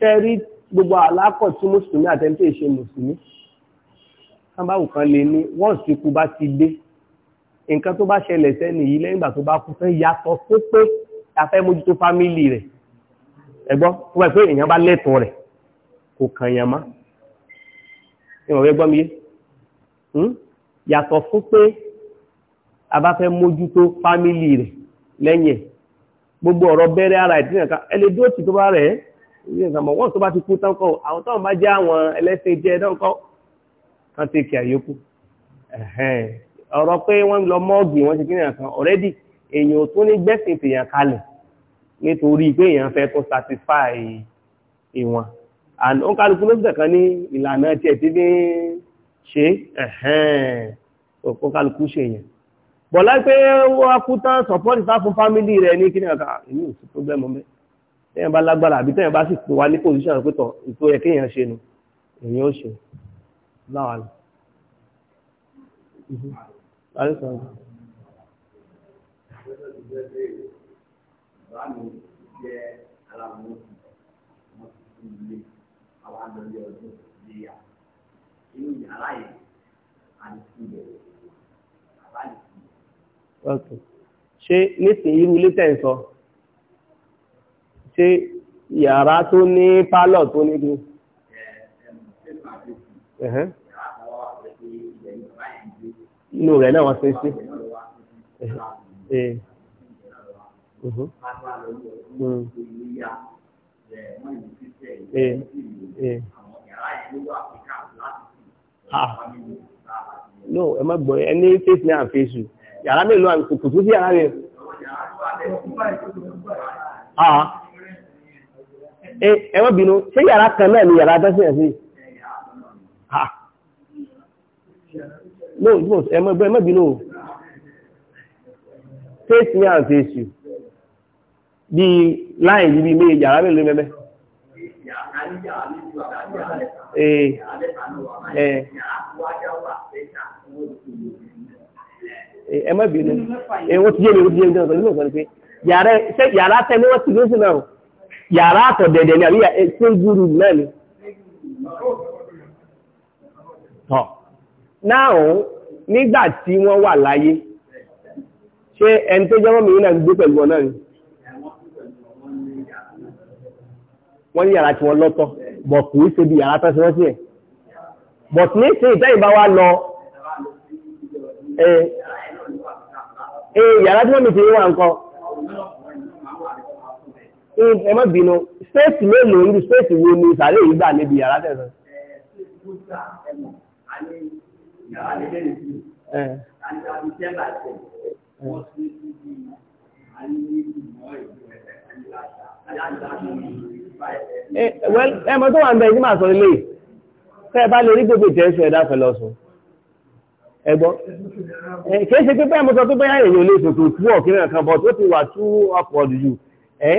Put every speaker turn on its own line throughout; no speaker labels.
ṣẹ́rí gbogbo àlákọ̀ tí mùsùlùmí àtẹ́ntẹ́ ìṣe mùsùlùmí kábàwù kan lè ní wọ́n sì kú bá ti dé nǹkan tó bá ṣẹlẹ̀ sẹ́ni yìí lẹ́yìn ìgbà tó bá kú tán yàtọ̀ tó pé afẹ́ mójútó fámìlì rẹ̀ ẹgbọ́n tó pé èèyàn bá lẹ́tọ̀ọ́ rẹ̀ kò kàn yàn mọ́ ìwọ̀n wẹ́ gbọ́n mi yé hmm? yàtọ̀ fún pé a bá fẹ́ mójútó fámìlì rẹ̀ lẹ́yìn gbogbo ọ̀rọ̀ bẹ́rẹ̀ ara ìdíyàn ká ẹlẹ́dí ó ti tó bá rẹ̀ ẹ́ ilé nǹkan mọ̀ wọ́n tó bá ti kú tán kọ́ àwọn tó ń bá jẹ́ àwọn ẹlẹ́sìn jẹ́ náà kọ́ kán ti kì àyókù ọ̀rọ̀ pé wọ́n lọ mọ́ọ̀gì wọ́n ti kí nìyàn kan ọ̀rẹ́dì èèyàn ò tún ní gbẹ́sìn tèèyàn kalẹ̀ nítorí pé èèyàn fẹ́ tó satisfy ìwọ̀n and ó kálukú ló bẹ̀rẹ̀ kan ní ìlànà tiẹ̀ tí bí ṣe ó kálukú ṣe yẹn bọ̀lá pé wọ́n kú tán support fún family rẹ̀ ní kí nìyàn kan ìlú ìsìn problem mẹ́ tẹ́yìn bá lágbára àbí tẹ́yìn bá sì pín wa ní pòsíṣàn pé tọ̀ ètò ẹ̀ kéèyàn ṣe nu èyàn ó ṣe láwa ni. Mhm. ṣé nísìnyí irú ilé tẹ̀ ń sọ ṣé yàrá tó ní pálọ̀ tó ní kí. inú rẹ̀ náà wọ́n ṣe sí. Eh. Hmm.
Eh. Eh.
Ah. No, ẹ má gbọ́ ẹni face ní àfẹ́sù. Yàrá mélòó àti kòtò sí yàrá rẹ̀. Ah ẹ má bínú ṣé yàrá kan náà ni yàrá dẹ́sẹ̀ sí no no ẹ má bínú o face me and face you bí láì níbi mé yàrá mélòó mẹ́mẹ́
ee ee ẹ má bínú ẹ wọ́n ti yé mi wọ́n
ti yé mi jẹ́ ọ̀sán nínú ọ̀sán ni pé yàrá tẹ́lẹ̀ wọ́n ti lóṣù náà yàrá àtọ̀dẹ̀dẹ̀ ní àríyà eh, ṣéjúrù mẹ́rin tọ̀ náà nígbà tí wọ́n wà láyé ṣé ẹni tó jẹ́wọ́ mi náà gbé pẹ̀lú ọ̀nà ni wọ́n ní yàrá tí wọ́n lọ́tọ̀ bọ̀ kìí ṣe bí yàrá tán sí wọ́n sí ẹ̀ bọ̀ ní ṣe ìtẹ́yìnbá wa lọ
eh, eh, yàrá tí wọ́n mi ti wà nǹkan
Eh, ẹ má bínú stéètì mélòó irú stéètì wo ni ìsàlẹ̀ yìí gbà níbi yàrá tẹ̀sán. Eh, eh, ẹmọ tó wà ń bẹ ẹjí máa sọ ilé tẹ́ bá lè rí gbogbo ìtẹ́sùn ẹ̀dá pẹ̀lú ọ̀sùn ẹgbọ́n kìí ṣe pé bẹ́ẹ̀ mọ́ sọ tó bẹ́yà èèyàn lè sòtò tú ọ̀kìnrin kan bọ̀ tó ti wà tú ọ̀pọ̀ jù ẹ́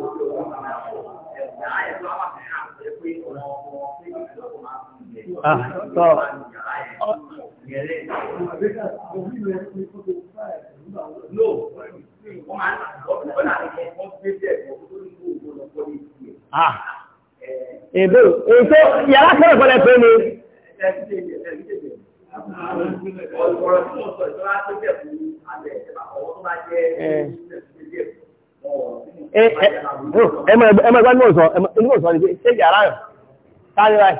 tọ́ ẹ̀mọ̀ ẹ̀gbọ́n ní òsàn, ẹ̀mọ̀ ìgbọ́n sọ ní pé yàrá rẹ̀? Táyé báyìí.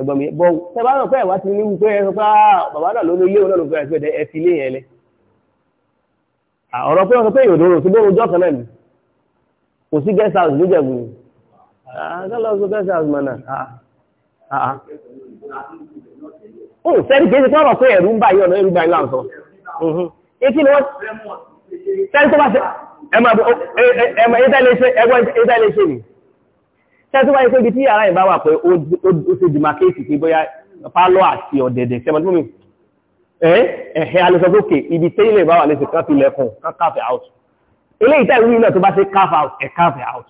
ẹ̀gbọ́n mi bọ tẹbá náà fẹ wá ti ní wípé ẹ sọ pé bàbá náà ló ní ilé òun náà ló fẹ àti ẹ fi ilé ọ̀rọ̀ pé wọ́n pé èèyàn òdòdó bóun ọjọ́ kan náà ni kò sí guest house níjẹ̀bù ni àtọ́lọ́ sọ house mọ̀ náà ó sẹ́ni kìí ṣe pé ọ̀rọ̀ pé ẹ̀rú ń bá yí ọ̀nà ẹ̀rú bá yí láǹsọ etí ni wọ́n sẹ́ni tó bá ṣe ẹ̀mọ̀ ẹ̀tẹ́lẹ́ṣẹ́ ni tẹ́tí wáyé pé ibi tí yàrá ìbá wà pé ó ṣe dìmákéètì pé bóyá pálọ́ àti ọ̀dẹ̀dẹ̀ ṣẹ́mọ̀ tí mo mi ẹ̀ ẹ̀hẹ́ alẹ́sọ̀gbókè ibi tí ilẹ̀ ìbá wà lẹ́sẹ̀ kan fi lẹ́kùn kan káfẹ́ out ilé ìta ìwé náà tó bá ṣe carve out ẹ̀ carve out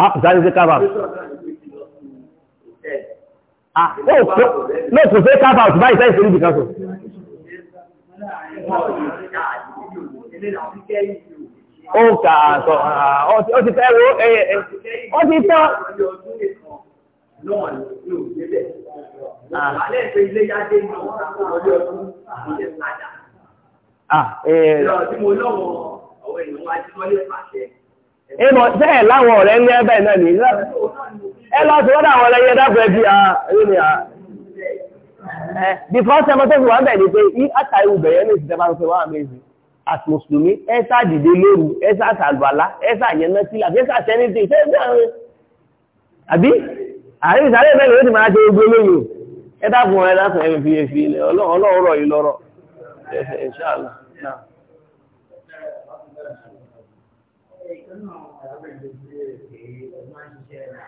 àápùsáré ṣe ó kà sọ ọ ti fẹ́ wo ẹyẹ ẹ ti tán.
Ìmọ̀ sẹ́ẹ̀ láwọn ọ̀rẹ́ ní ẹbẹ̀ náà ní ẹ lọ sí wọ́n àwọn ẹlẹ́yẹ dábọ̀ ẹbí à ẹ̀yìn ni à.
Bìkọ́ sẹ́mọ́tẹ́fù wà bẹ̀ ní pé í àtàrí ní ìsìnkẹ́ bá ń àmì ìsìn. àti mùsùlùmí ẹ́sà dìde lóru ẹ́sà sàlùbàlá ẹ́sà yẹnà sílà ẹ́sà sẹ́nìtì ṣé ẹ́ bẹ́ẹ̀ àbí àárín ìsàlẹ̀ bẹ́ẹ̀ ló ti máa ṣe gbogbo lóyún ẹ dákun ẹ dákun ẹ fi fi ilẹ̀ ọlọ́run rọ̀ yìí lọ́rọ̀ ẹ̀ṣẹ̀ ìṣàlá náà.